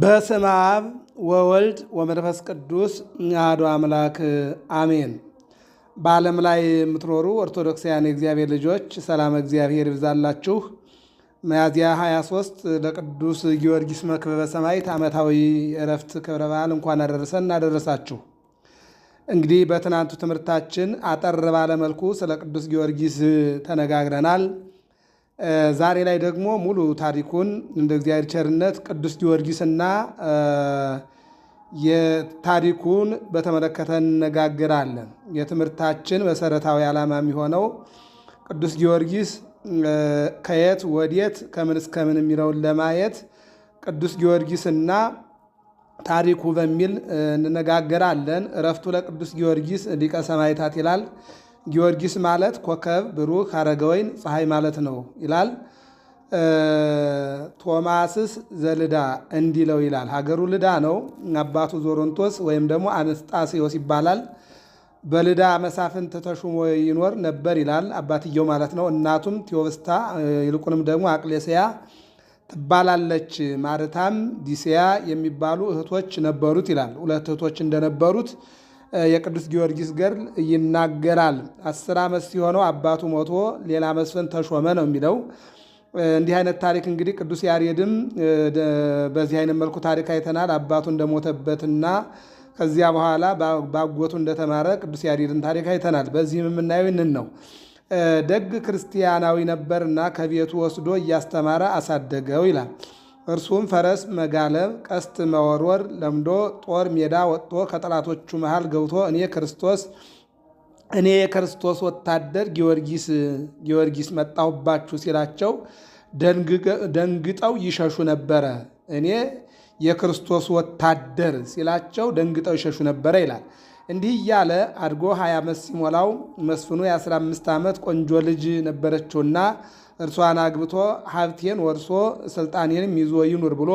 በስመ አብ ወወልድ ወመንፈስ ቅዱስ አሐዱ አምላክ አሜን። በዓለም ላይ የምትኖሩ ኦርቶዶክሳውያን የእግዚአብሔር ልጆች ሰላም እግዚአብሔር ይብዛላችሁ። ሚያዝያ 23 ለቅዱስ ጊዮርጊስ መክበበ ሰማዕት ዓመታዊ ዕረፍት ክብረ በዓል እንኳን አደረሰን አደረሳችሁ። እንግዲህ በትናንቱ ትምህርታችን አጠር ባለመልኩ ስለ ቅዱስ ጊዮርጊስ ተነጋግረናል። ዛሬ ላይ ደግሞ ሙሉ ታሪኩን እንደ እግዚአብሔር ቸርነት ቅዱስ ጊዮርጊስና የታሪኩን በተመለከተ እነጋገራለን። የትምህርታችን መሰረታዊ ዓላማ የሚሆነው ቅዱስ ጊዮርጊስ ከየት ወዴት ከምን እስከምን የሚለውን ለማየት ቅዱስ ጊዮርጊስና ታሪኩ በሚል እንነጋገራለን። እረፍቱ ለቅዱስ ጊዮርጊስ ሊቀ ሰማዕታት ይላል። ጊዮርጊስ ማለት ኮከብ ብሩህ አረገወይን ፀሐይ ማለት ነው ይላል። ቶማስስ ዘልዳ እንዲለው ይላል። ሀገሩ ልዳ ነው። አባቱ ዞሮንቶስ ወይም ደግሞ አነስጣሴዎስ ይባላል። በልዳ መሳፍንት ተሹሞ ይኖር ነበር ይላል። አባትየው ማለት ነው። እናቱም ቴዎብስታ ይልቁንም ደግሞ አቅሌስያ ትባላለች። ማርታም ዲስያ የሚባሉ እህቶች ነበሩት ይላል። ሁለት እህቶች እንደነበሩት የቅዱስ ጊዮርጊስ ገድል ይናገራል። አስር ዓመት ሲሆነው አባቱ ሞቶ ሌላ መስፍን ተሾመ ነው የሚለው። እንዲህ አይነት ታሪክ እንግዲህ ቅዱስ ያሬድም በዚህ አይነት መልኩ ታሪክ አይተናል። አባቱ እንደሞተበትና ከዚያ በኋላ ባጎቱ እንደተማረ ቅዱስ ያሬድን ታሪክ አይተናል። በዚህም የምናየው ይህንን ነው። ደግ ክርስቲያናዊ ነበርና ከቤቱ ወስዶ እያስተማረ አሳደገው ይላል። እርሱም ፈረስ መጋለብ፣ ቀስት መወርወር ለምዶ ጦር ሜዳ ወጥቶ ከጠላቶቹ መሃል ገብቶ እኔ ክርስቶስ እኔ የክርስቶስ ወታደር ጊዮርጊስ ጊዮርጊስ መጣሁባችሁ ሲላቸው ደንግጠው ይሸሹ ነበረ። እኔ የክርስቶስ ወታደር ሲላቸው ደንግጠው ይሸሹ ነበረ ይላል። እንዲህ እያለ አድጎ ሀያ ዓመት ሲሞላው መስፍኑ የ15 ዓመት ቆንጆ ልጅ ነበረችውና እርሷን አግብቶ ሀብቴን ወርሶ ስልጣኔንም ይዞ ይኑር ብሎ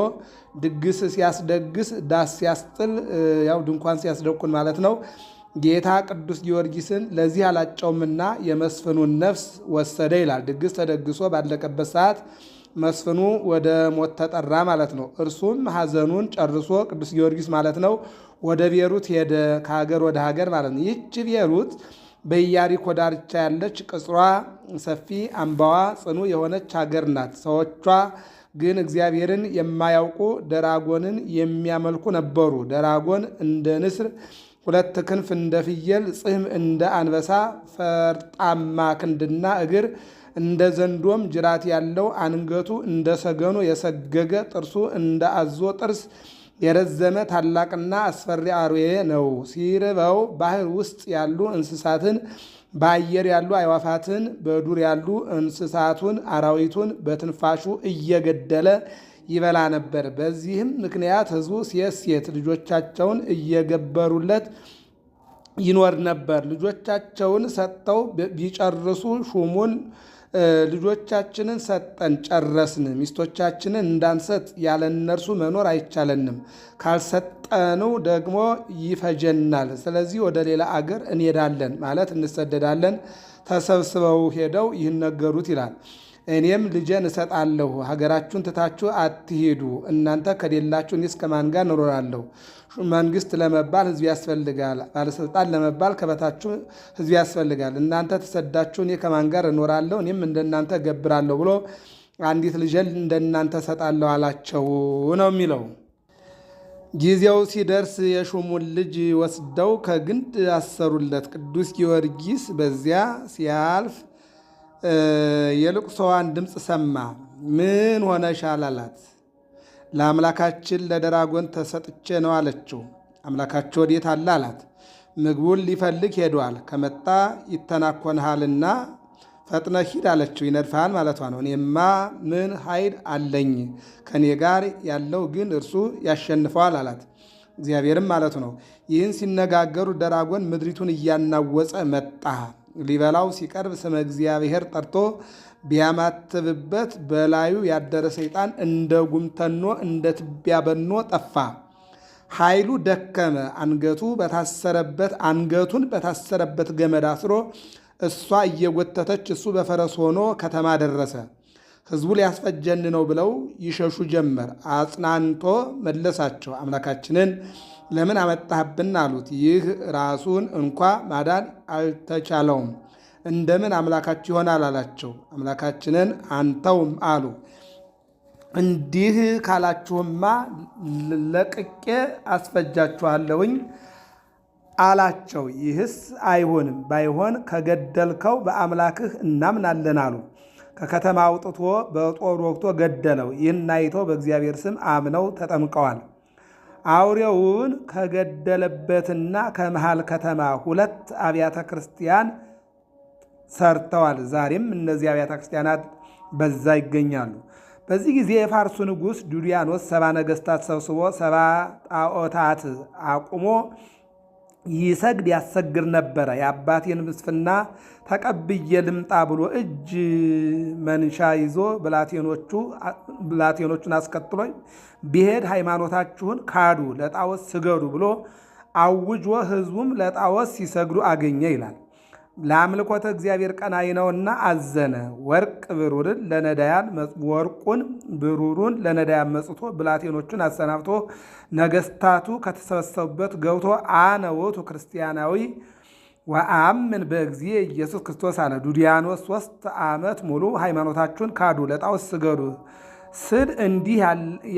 ድግስ ሲያስደግስ ዳስ ሲያስጥል ያው ድንኳን ሲያስደቁን ማለት ነው። ጌታ ቅዱስ ጊዮርጊስን ለዚህ አላጨውምና የመስፍኑን ነፍስ ወሰደ ይላል። ድግስ ተደግሶ ባለቀበት ሰዓት መስፍኑ ወደ ሞት ተጠራ ማለት ነው። እርሱም ሐዘኑን ጨርሶ ቅዱስ ጊዮርጊስ ማለት ነው ወደ ቤሩት ሄደ፣ ከሀገር ወደ ሀገር ማለት ነው። ይህች ቤሩት በኢያሪኮ ዳርቻ ያለች ቅጽሯ ሰፊ አምባዋ ጽኑ የሆነች ሀገር ናት። ሰዎቿ ግን እግዚአብሔርን የማያውቁ ደራጎንን የሚያመልኩ ነበሩ። ደራጎን እንደ ንስር ሁለት ክንፍ እንደ ፍየል፣ ጽህም እንደ አንበሳ፣ ፈርጣማ ክንድና እግር እንደ ዘንዶም ጅራት ያለው አንገቱ እንደ ሰገኑ የሰገገ ጥርሱ እንደ አዞ ጥርስ የረዘመ ታላቅና አስፈሪ አርዌ ነው። ሲርበው ባህር ውስጥ ያሉ እንስሳትን፣ በአየር ያሉ አዕዋፋትን፣ በዱር ያሉ እንስሳቱን፣ አራዊቱን በትንፋሹ እየገደለ ይበላ ነበር። በዚህም ምክንያት ሕዝቡ ሴት ሴት ልጆቻቸውን እየገበሩለት ይኖር ነበር። ልጆቻቸውን ሰጥተው ቢጨርሱ ሹሙን ልጆቻችንን ሰጠን ጨረስን። ሚስቶቻችንን እንዳንሰጥ ያለ እነርሱ መኖር አይቻለንም። ካልሰጠነው ደግሞ ይፈጀናል። ስለዚህ ወደ ሌላ አገር እንሄዳለን ማለት እንሰደዳለን። ተሰብስበው ሄደው ይህን ነገሩት ይላል። እኔም ልጄን እሰጣለሁ፣ ሀገራችሁን ትታችሁ አትሄዱ። እናንተ ከሌላችሁ እኔ እስከ ጋር እኖራለሁ? መንግስት ለመባል ህዝብ ያስፈልጋል፣ ባለስልጣን ለመባል ከበታችሁ ህዝብ ያስፈልጋል። እናንተ ተሰዳችሁ እኔ ከማን ጋር እኖራለሁ? እኔም እንደናንተ እገብራለሁ ብሎ አንዲት ልጄን እንደናንተ እሰጣለሁ አላቸው ነው የሚለው። ጊዜው ሲደርስ የሹሙን ልጅ ወስደው ከግንድ አሰሩለት። ቅዱስ ጊዮርጊስ በዚያ ሲያልፍ የልቅሶዋን ድምፅ ሰማ። ምን ሆነሻል አላት። ለአምላካችን ለደራጎን ተሰጥቼ ነው አለችው። አምላካቸው ወዴት አለ አላት። ምግቡን ሊፈልግ ሄዷል፣ ከመጣ ይተናኮንሃልና ፈጥነ ሂድ አለችው። ይነድፋል ማለቷ ነው። እኔማ ምን ኃይል አለኝ? ከኔ ጋር ያለው ግን እርሱ ያሸንፈዋል አላት። እግዚአብሔርም ማለቱ ነው። ይህን ሲነጋገሩ ደራጎን ምድሪቱን እያናወፀ መጣ። ሊበላው ሲቀርብ ስመ እግዚአብሔር ጠርቶ ቢያማትብበት በላዩ ያደረ ሰይጣን እንደ ጉምተኖ እንደ ትቢያ በኖ ጠፋ። ኃይሉ ደከመ። አንገቱ በታሰረበት አንገቱን በታሰረበት ገመድ አስሮ እሷ እየጎተተች እሱ በፈረስ ሆኖ ከተማ ደረሰ። ሕዝቡ ሊያስፈጀን ነው ብለው ይሸሹ ጀመር። አጽናንቶ መለሳቸው አምላካችንን ለምን አመጣህብን አሉት። ይህ ራሱን እንኳ ማዳን አልተቻለውም እንደምን አምላካችሁ ይሆናል አላቸው። አምላካችንን አንተውም አሉ። እንዲህ ካላችሁማ ለቅቄ አስፈጃችኋለሁኝ አላቸው። ይህስ አይሆንም፣ ባይሆን ከገደልከው በአምላክህ እናምናለን አሉ። ከከተማ አውጥቶ በጦር ወቅቶ ገደለው። ይህን አይቶ በእግዚአብሔር ስም አምነው ተጠምቀዋል። አውሬውን ከገደለበትና ከመሃል ከተማ ሁለት አብያተ ክርስቲያን ሰርተዋል። ዛሬም እነዚህ አብያተ ክርስቲያናት በዛ ይገኛሉ። በዚህ ጊዜ የፋርሱ ንጉሥ ዱድያኖስ ሰባ ነገሥታት ሰብስቦ ሰባ ጣዖታት አቁሞ ይሰግድ ያሰግድ ነበረ። የአባቴን ምስፍና ተቀብዬ ልምጣ ብሎ እጅ መንሻ ይዞ ብላቴኖቹን አስከትሎ ቢሄድ ሃይማኖታችሁን ካዱ፣ ለጣዖት ስገዱ ብሎ አውጆ ህዝቡም ለጣዖት ሲሰግዱ አገኘ ይላል። ለአምልኮተ እግዚአብሔር ቀናይ ነውና አዘነ። ወርቅ ብሩርን ለነዳያን ወርቁን ብሩሩን ለነዳያን መጽቶ ብላቴኖቹን አሰናብቶ ነገስታቱ ከተሰበሰቡበት ገብቶ አነ ውእቱ ክርስቲያናዊ ወአምን በእግዚእ ኢየሱስ ክርስቶስ አለ። ዱዲያኖስ ሶስት ዓመት ሙሉ ሃይማኖታችሁን ካዱ፣ ለጣዖት ስገዱ ስል እንዲህ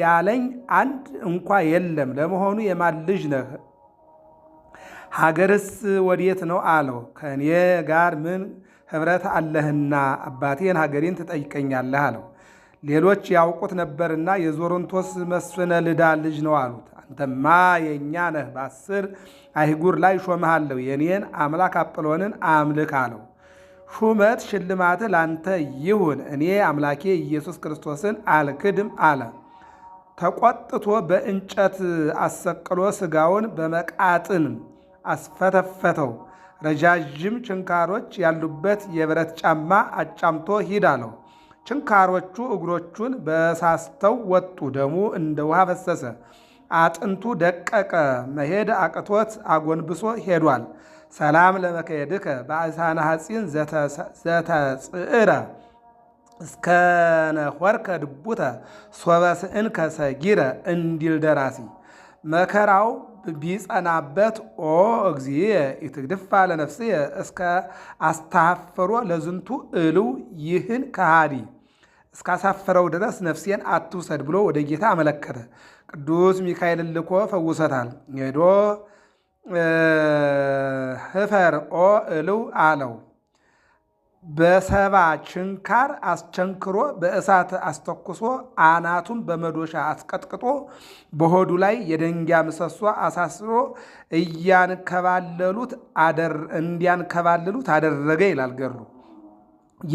ያለኝ አንድ እንኳ የለም። ለመሆኑ የማን ልጅ ነህ? ሀገርስ ወዴት ነው አለው። ከእኔ ጋር ምን ህብረት አለህና አባቴን ሀገሬን ትጠይቀኛለህ አለው። ሌሎች ያውቁት ነበርና የዞሮንቶስ መስፍነ ልዳ ልጅ ነው አሉት። አንተማ የእኛ ነህ፣ በአስር አይጉር ላይ ሾመሃለሁ። የኔን አምላክ አጵሎንን አምልክ አለው። ሹመት ሽልማትህ ላንተ ይሁን፣ እኔ አምላኬ ኢየሱስ ክርስቶስን አልክድም አለ። ተቆጥቶ በእንጨት አሰቅሎ ስጋውን በመቃጥን አስፈተፈተው። ረዣዥም ችንካሮች ያሉበት የብረት ጫማ አጫምቶ ሂድ አለው። ችንካሮቹ እግሮቹን በሳስተው ወጡ። ደሙ እንደ ውሃ ፈሰሰ። አጥንቱ ደቀቀ። መሄድ አቅቶት አጎንብሶ ሄዷል። ሰላም ለመከየድከ በአሳነ ሐፂን ዘተጽዕረ እስከነሆርከ ድቡተ ሶበስእን ከሰጊረ እንዲል ደራሲ መከራው ቢጸናበት ኦ እግዚእ ኢትግድፋ ለነፍስየ እስከ አስተሐፈሮ ለዝንቱ እልው ይህን ከሃዲ እስካሳፈረው ድረስ ነፍሴን አትውሰድ ብሎ ወደ ጌታ አመለከተ። ቅዱስ ሚካኤልን ልኮ ፈውሰታል። ሄዶ ህፈር ኦ እልው አለው። በሰባ ችንካር አስቸንክሮ በእሳት አስተኩሶ አናቱን በመዶሻ አስቀጥቅጦ በሆዱ ላይ የደንጊያ ምሰሶ አሳስሮ እያንከባለሉት እንዲያንከባልሉት አደረገ ይላል ገሩ።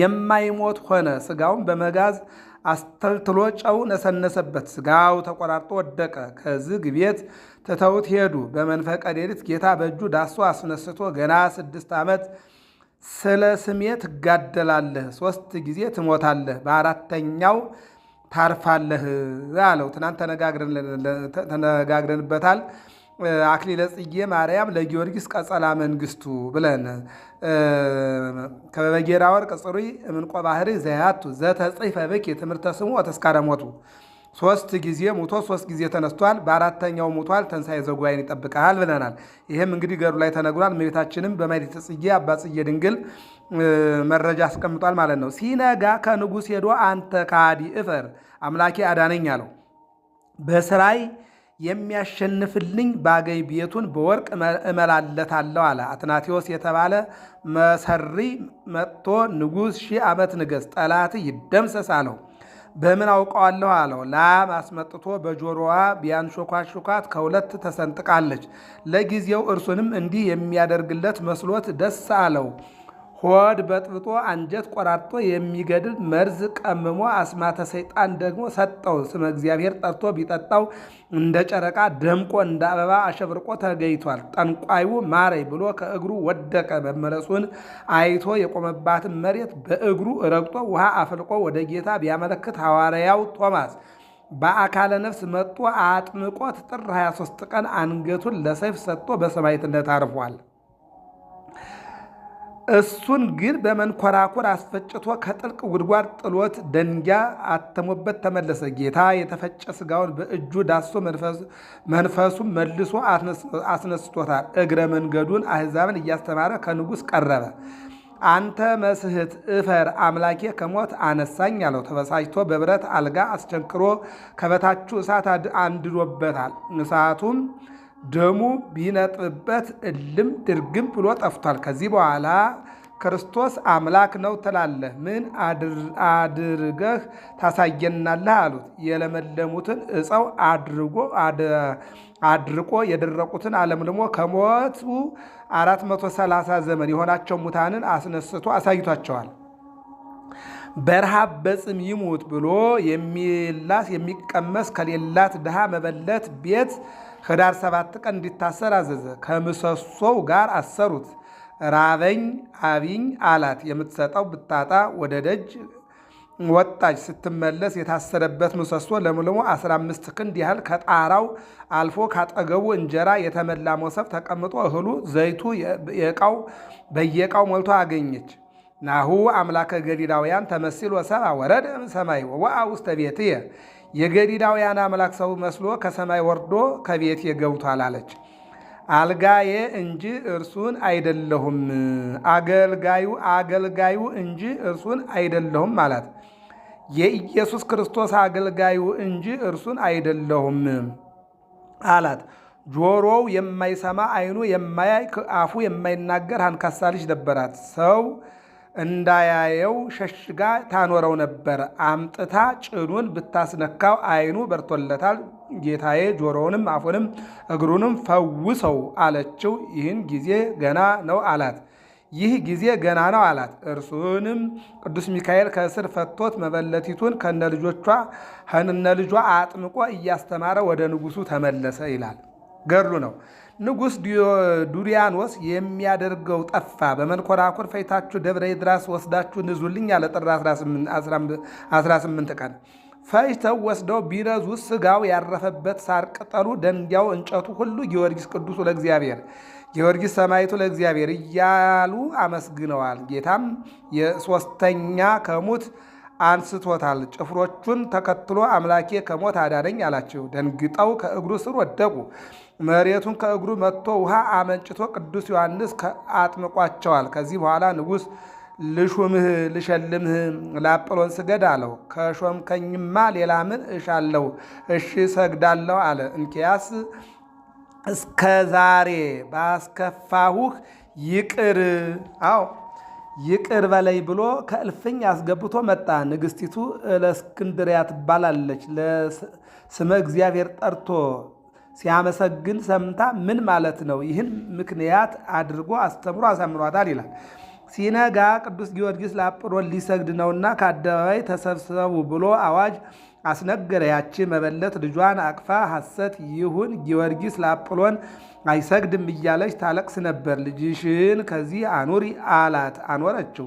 የማይሞት ሆነ። ስጋውን በመጋዝ አስተልትሎ ጨው ነሰነሰበት። ስጋው ተቆራርጦ ወደቀ። ከዝግ ቤት ትተውት ሄዱ። በመንፈቀ ሌሊት ጌታ በእጁ ዳሶ አስነስቶ ገና ስድስት ዓመት ስለ ስሜ ትጋደላለህ፣ ሶስት ጊዜ ትሞታለህ፣ በአራተኛው ታርፋለህ አለው። ትናንት ተነጋግረንበታል። አክሊለ ጽጌ ማርያም ለጊዮርጊስ ቀጸላ መንግስቱ ብለን ከበበጌራ ወርቅ ጽሩይ እምንቆ ባህሪ ዘያቱ ዘተጽፈ ብኪ ትምህርተ ስሙ ወተስካረ ሞቱ ሶስት ጊዜ ሙቶ ሶስት ጊዜ ተነስቷል። በአራተኛው ሙቷል፣ ተንሳኤ ዘጉባኤን ይጠብቀሃል ብለናል። ይህም እንግዲህ ገሩ ላይ ተነግሯል። እመቤታችንም በማኅሌተ ጽጌ አባ ጽጌ ድንግል መረጃ አስቀምጧል ማለት ነው። ሲነጋ ከንጉሥ ሄዶ አንተ ከሃዲ እፈር፣ አምላኬ አዳነኝ አለው። በስራይ የሚያሸንፍልኝ ባገኝ ቤቱን በወርቅ እመላለታለሁ አለ። አትናቴዎስ የተባለ መሰሪ መጥቶ ንጉሥ ሺህ ዓመት ንገሥ፣ ጠላት ይደምሰስ አለው። በምን አውቀዋለሁ አለው። ላም አስመጥቶ በጆሮዋ ቢያንሾኳሹኳት ከሁለት ተሰንጥቃለች። ለጊዜው እርሱንም እንዲህ የሚያደርግለት መስሎት ደስ አለው። ሆድ በጥብጦ አንጀት ቆራርጦ የሚገድል መርዝ ቀምሞ አስማተ ሰይጣን ደግሞ ሰጠው። ስመ እግዚአብሔር ጠርቶ ቢጠጣው እንደ ጨረቃ ደምቆ እንደ አበባ አሸብርቆ ተገኝቷል። ጠንቋዩ ማረይ ብሎ ከእግሩ ወደቀ። መመለሱን አይቶ የቆመባትን መሬት በእግሩ ረግጦ ውሃ አፈልቆ ወደ ጌታ ቢያመለክት ሐዋርያው ቶማስ በአካለ ነፍስ መጥቶ አጥምቆት ጥር 23 ቀን አንገቱን ለሰይፍ ሰጥቶ በሰማዕትነት አርፏል። እሱን ግን በመንኮራኩር አስፈጭቶ ከጥልቅ ጉድጓድ ጥሎት ደንጊያ አተሞበት ተመለሰ። ጌታ የተፈጨ ስጋውን በእጁ ዳሶ መንፈሱም መልሶ አስነስቶታል። እግረ መንገዱን አህዛብን እያስተማረ ከንጉሥ ቀረበ። አንተ መስህት እፈር አምላኬ ከሞት አነሳኝ አለው። ተበሳጭቶ በብረት አልጋ አስቸንክሮ ከበታቹ እሳት አንድዶበታል። እሳቱም ደሙ ቢነጥብበት እልም ድርግም ብሎ ጠፍቷል። ከዚህ በኋላ ክርስቶስ አምላክ ነው ትላለህ፣ ምን አድርገህ ታሳየናለህ አሉት። የለመለሙትን እፀው አድርጎ አድርቆ የደረቁትን አለምልሞ ከሞቱ 430 ዘመን የሆናቸው ሙታንን አስነስቶ አሳይቷቸዋል። በረሃብ በጽም ይሙት ብሎ የሚላስ የሚቀመስ ከሌላት ድሃ መበለት ቤት ህዳር ሰባት ቀን እንዲታሰር አዘዘ። ከምሰሶው ጋር አሰሩት። ራበኝ አቢኝ አላት። የምትሰጠው ብታጣ ወደ ደጅ ወጣች። ስትመለስ የታሰረበት ምሰሶ ለምልሞ 15 ክንድ ያህል ከጣራው አልፎ ካጠገቡ እንጀራ የተመላ መሶብ ተቀምጦ እህሉ፣ ዘይቱ የቃው በየቃው ሞልቶ አገኘች። ናሁ አምላከ ገሊላውያን ተመሲል ሰብአ ወረደ ሰማይ ውስተ ቤትየ የገሊላውያን አምላክ ሰው መስሎ ከሰማይ ወርዶ ከቤቴ ገብቷል አለች። አልጋዬ እንጂ እርሱን አይደለሁም፣ አገልጋዩ አገልጋዩ እንጂ እርሱን አይደለሁም አላት። የኢየሱስ ክርስቶስ አገልጋዩ እንጂ እርሱን አይደለሁም አላት። ጆሮው የማይሰማ አይኑ የማያይ አፉ የማይናገር አንካሳ ልጅ ነበራት ሰው እንዳያየው ሸሽጋ ታኖረው ነበር። አምጥታ ጭኑን ብታስነካው አይኑ በርቶለታል። ጌታዬ ጆሮውንም አፉንም እግሩንም ፈውሰው አለችው። ይህን ጊዜ ገና ነው አላት። ይህ ጊዜ ገና ነው አላት። እርሱንም ቅዱስ ሚካኤል ከእስር ፈቶት መበለቲቱን ከነልጆቿ ልጇ አጥምቆ እያስተማረ ወደ ንጉሱ ተመለሰ ይላል ገድሉ ነው። ንጉሥ ዱሪያኖስ የሚያደርገው ጠፋ። በመንኮራኩር ፈይታችሁ ደብረ ድራስ ወስዳችሁ ንዙልኝ አለ። ጥር 18 ቀን ፈጅተው ወስደው ቢረዙ ስጋው ያረፈበት ሳር ቅጠሉ፣ ደንጊያው፣ እንጨቱ ሁሉ ጊዮርጊስ ቅዱሱ ለእግዚአብሔር ጊዮርጊስ ሰማይቱ ለእግዚአብሔር እያሉ አመስግነዋል። ጌታም የሶስተኛ ከሙት አንስቶታል። ጭፍሮቹን ተከትሎ አምላኬ ከሞት አዳነኝ አላቸው። ደንግጠው ከእግሩ ስር ወደቁ። መሬቱን ከእግሩ መጥቶ ውሃ አመንጭቶ ቅዱስ ዮሐንስ አጥምቋቸዋል። ከዚህ በኋላ ንጉሥ ልሹምህ ልሸልምህ ለአጵሎን ስገድ አለው። ከሾምከኝማ ሌላ ምን እሻለሁ? እሺ ሰግዳለሁ አለ። እንኪያስ እስከ ዛሬ ባስከፋሁህ ይቅር አው ይቅር በለይ ብሎ ከእልፍኝ አስገብቶ መጣ። ንግሥቲቱ ለእስክንድሪያ ትባላለች። ለስመ እግዚአብሔር ጠርቶ ሲያመሰግን ሰምታ ምን ማለት ነው? ይህን ምክንያት አድርጎ አስተምሮ አሳምሯታል ይላል። ሲነጋ ቅዱስ ጊዮርጊስ ለአጵሮን ሊሰግድ ነውና ከአደባባይ ተሰብሰቡ ብሎ አዋጅ አስነገረ። ያቺ መበለት ልጇን አቅፋ ሐሰት ይሁን ጊዮርጊስ ለአጵሎን አይሰግድም እያለች ታለቅስ ነበር። ልጅሽን ከዚህ አኑሪ አላት። አኖረችው።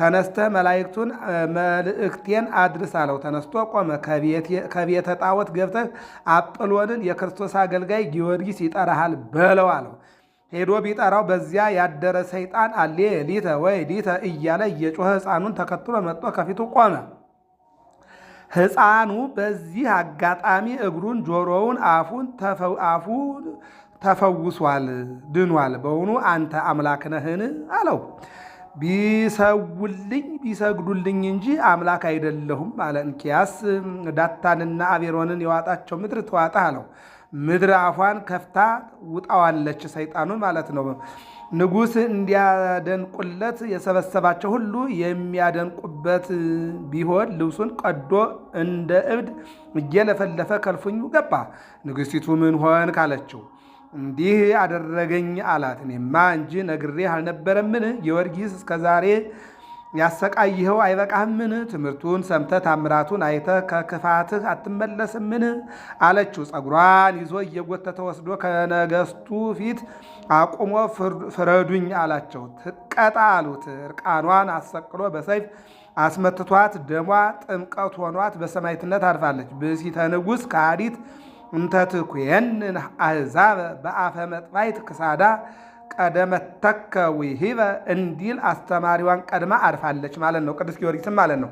ተነስተ መላእክቱን መልእክቴን አድርስ አለው። ተነስቶ ቆመ። ከቤተ ጣዖት ገብተህ አጵሎንን የክርስቶስ አገልጋይ ጊዮርጊስ ይጠራሃል በለው አለው። ሄዶ ቢጠራው በዚያ ያደረ ሰይጣን አሌ ሊተ ወይ ሊተ እያለ እየጮኸ ሕፃኑን ተከትሎ መጥቶ ከፊቱ ቆመ። ሕፃኑ በዚህ አጋጣሚ እግሩን፣ ጆሮውን፣ አፉን አፉ ተፈውሷል፣ ድኗል። በውኑ አንተ አምላክ ነህን አለው። ቢሰውልኝ ቢሰግዱልኝ እንጂ አምላክ አይደለሁም አለ። እንኪያስ ዳታንና አቤሮንን የዋጣቸው ምድር ተዋጣ አለው። ምድር አፏን ከፍታ ውጣዋለች፣ ሰይጣኑን ማለት ነው። ንጉሥ እንዲያደንቁለት የሰበሰባቸው ሁሉ የሚያደንቁበት ቢሆን ልብሱን ቀዶ እንደ እብድ እየለፈለፈ ከልፍኙ ገባ። ንግሥቲቱ ምን ሆን ካለችው። እንዲህ አደረገኝ አላት። እኔማ እንጂ ነግሬህ አልነበረምን? ጊዮርጊስ እስከዛሬ ያሰቃይኸው አይበቃህምን? ትምህርቱን ሰምተህ ታምራቱን አይተህ ከክፋትህ አትመለስምን? አለችው። ፀጉሯን ይዞ እየጎተተ ወስዶ ከነገስቱ ፊት አቁሞ ፍረዱኝ አላቸው። ትቀጣ አሉት። እርቃኗን አሰቅሎ በሰይፍ አስመትቷት ደሟ ጥምቀት ሆኗት በሰማዕትነት አርፋለች። ብእሲተ ንጉሥ ከሃዲት እንተትኩየንን አሕዛብ በአፈ መጥባይት ክሳዳ ቀደመተከ ውሂበ እንዲል አስተማሪዋን ቀድማ አርፋለች ማለት ነው። ቅዱስ ጊዮርጊስም ማለት ነው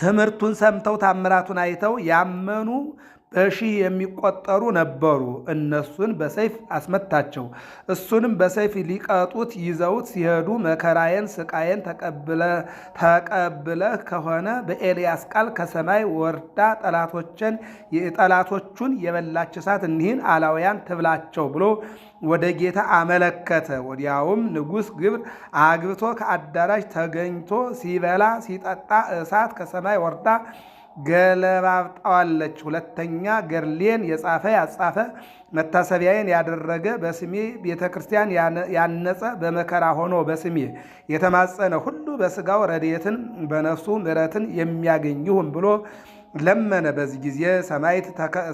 ትምህርቱን ሰምተው ታምራቱን አይተው ያመኑ በሺህ የሚቆጠሩ ነበሩ። እነሱን በሰይፍ አስመታቸው። እሱንም በሰይፍ ሊቀጡት ይዘውት ሲሄዱ መከራዬን ስቃዬን ተቀብለህ ከሆነ በኤልያስ ቃል ከሰማይ ወርዳ ጠላቶችን ጠላቶቹን የበላች እሳት እኒህን አላውያን ትብላቸው ብሎ ወደ ጌታ አመለከተ። ወዲያውም ንጉሥ ግብር አግብቶ ከአዳራሽ ተገኝቶ ሲበላ ሲጠጣ እሳት ከሰማይ ወርዳ ገለባብጣዋለች። ሁለተኛ ገርሌን የጻፈ ያጻፈ መታሰቢያዬን ያደረገ በስሜ ቤተ ክርስቲያን ያነጸ በመከራ ሆኖ በስሜ የተማጸነ ሁሉ በስጋው ረድኤትን በነፍሱ ምሕረትን የሚያገኝ ይሁን ብሎ ለመነ። በዚህ ጊዜ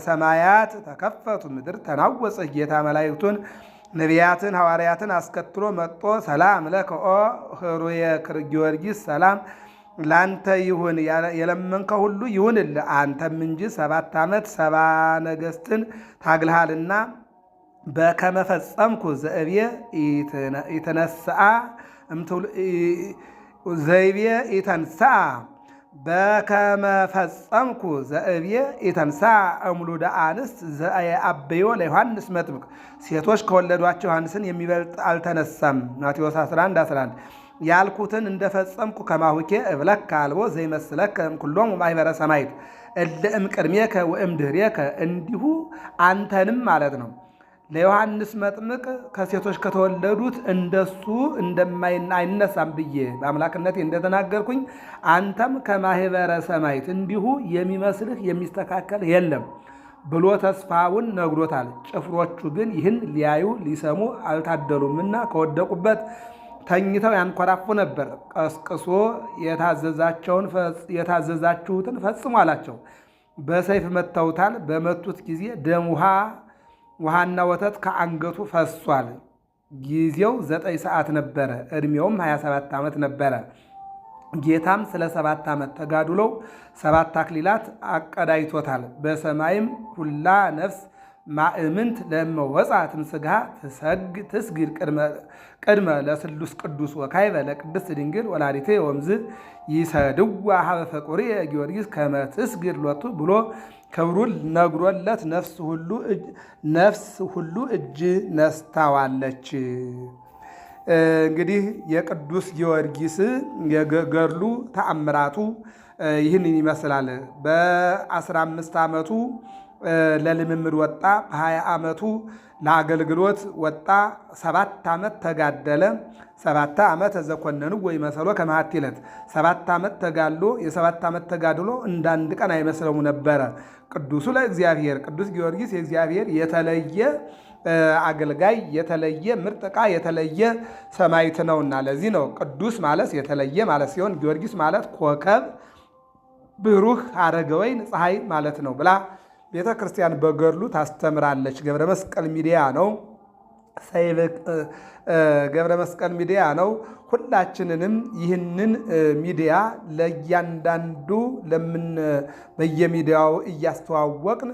ሰማያት ተከፈቱ፣ ምድር ተናወፀች። ጌታ መላእክቱን ነቢያትን ሐዋርያትን አስከትሎ መጥቶ ሰላም ለከኦ ህሩየ ጊዮርጊስ ሰላም ላንተ ይሁን የለመንከ ሁሉ ይሁንልህ። አንተም እንጂ ሰባት ዓመት ሰባ ነገስትን ታግልሃልና በከመፈጸምኩ ዘእብየ ይተነስአ ዘይብየ ይተንስአ በከመፈጸምኩ ዘእብየ ይተንስአ እምሉደ አንስት ዘየአበዮ ለዮሐንስ መጥምቅ ሴቶች ከወለዷቸው ዮሐንስን የሚበልጥ አልተነሳም። ማቴዎስ 11 11 ያልኩትን እንደፈጸምኩ ከማሁኬ እብለክ ካልቦ ዘይመስለክ እምኩሎሙ ማኅበረ ሰማይት እለ እምቅድሜከ ወእምድኅሬከ እንዲሁ አንተንም ማለት ነው ለዮሐንስ መጥምቅ ከሴቶች ከተወለዱት እንደሱ እንደማይነሳም ብዬ በአምላክነት እንደተናገርኩኝ አንተም ከማኅበረ ሰማይት እንዲሁ የሚመስልህ የሚስተካከል የለም ብሎ ተስፋውን ነግሮታል። ጭፍሮቹ ግን ይህን ሊያዩ ሊሰሙ አልታደሉምና ከወደቁበት ተኝተው ያንኮራፉ ነበር። ቀስቅሶ የታዘዛቸውን የታዘዛችሁትን ፈጽሙ አላቸው። በሰይፍ መተውታል። በመቱት ጊዜ ደም ውሃ ውሃና ወተት ከአንገቱ ፈሷል። ጊዜው ዘጠኝ ሰዓት ነበረ። ዕድሜውም 27 ዓመት ነበረ። ጌታም ስለ ሰባት ዓመት ተጋድሎው ሰባት አክሊላት አቀዳይቶታል። በሰማይም ሁላ ነፍስ ማእምንት ስጋ ትሰግ ትስግድ ቅድመ ለስሉስ ቅዱስ ወካይ በለ ቅድስት ድንግል ወላዲተ ወምዝ ይሰድዋ ሀበ ፈቁሪ ጊዮርጊስ ከመ ትስግድ ሎቱ ብሎ ክብሩን ነግሮለት ነፍስ ሁሉ እጅ ነስታዋለች። እንግዲህ የቅዱስ ጊዮርጊስ የገድሉ ተአምራቱ ይህንን ይመስላል። በ15 ዓመቱ ለልምምድ ወጣ። በሀያ ዓመቱ ለአገልግሎት ወጣ። ሰባት ዓመት ተጋደለ። ሰባት ዓመት ዘኮነኑ ወይ መሰሎ ከማት ይለት ሰባት ዓመት ተጋሎ የሰባት ዓመት ተጋድሎ እንዳንድ ቀን አይመስለውም ነበረ። ቅዱሱ ለእግዚአብሔር ቅዱስ ጊዮርጊስ የእግዚአብሔር የተለየ አገልጋይ የተለየ ምርጥ ዕቃ የተለየ ሰማዕት ነውና ለዚህ ነው ቅዱስ ማለት የተለየ ማለት ሲሆን ጊዮርጊስ ማለት ኮከብ ብሩህ አረገወይን ፀሐይ ማለት ነው ብላ ቤተ ክርስቲያን በገድሉ ታስተምራለች። ገብረ መስቀል ሚዲያ ነው። ገብረ መስቀል ሚዲያ ነው። ሁላችንንም ይህንን ሚዲያ ለእያንዳንዱ ለምን በየሚዲያው እያስተዋወቅን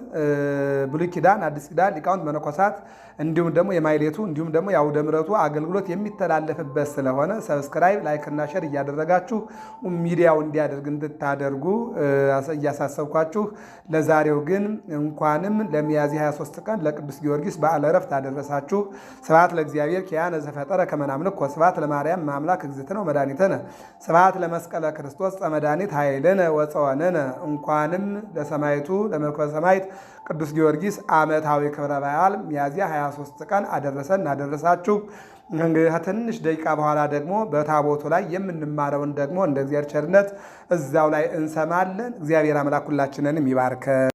ብሉይ ኪዳን፣ አዲስ ኪዳን፣ ሊቃውንት፣ መነኮሳት እንዲሁም ደግሞ የማይሌቱ እንዲሁም ደግሞ የአውደ ምረቱ አገልግሎት የሚተላለፍበት ስለሆነ ሰብስክራይብ፣ እና ሸር እያደረጋችሁ ሚዲያው እንዲያደርግ እንድታደርጉ እያሳሰብኳችሁ ለዛሬው ግን እንኳንም ለሚያዝያ 23 ቀን ለቅዱስ ጊዮርጊስ በዓለ ዕረፍት አደረሳችሁ። ስብሐት ለእግዚአብሔር ኪያነ ዘፈጠረ ከመናምልክ ወስብሐት ለማርያም ማምላክ እግዝእትነ ወመድኃኒትነ ስብሐት ለመስቀለ ክርስቶስ ጸመድኃኒት ኃይልነ ወጸወንነ። እንኳንም ለሰማይቱ ለመልኮ ሰማይት ቅዱስ ጊዮርጊስ ዓመታዊ ክብረ በዓል ሚያዝያ 23 ቀን አደረሰን እናደረሳችሁ። እንግዲህ ትንሽ ደቂቃ በኋላ ደግሞ በታቦቱ ላይ የምንማረውን ደግሞ እንደ እግዚአብሔር ቸርነት እዛው ላይ እንሰማለን። እግዚአብሔር አምላክ ሁላችንንም ይባርከን።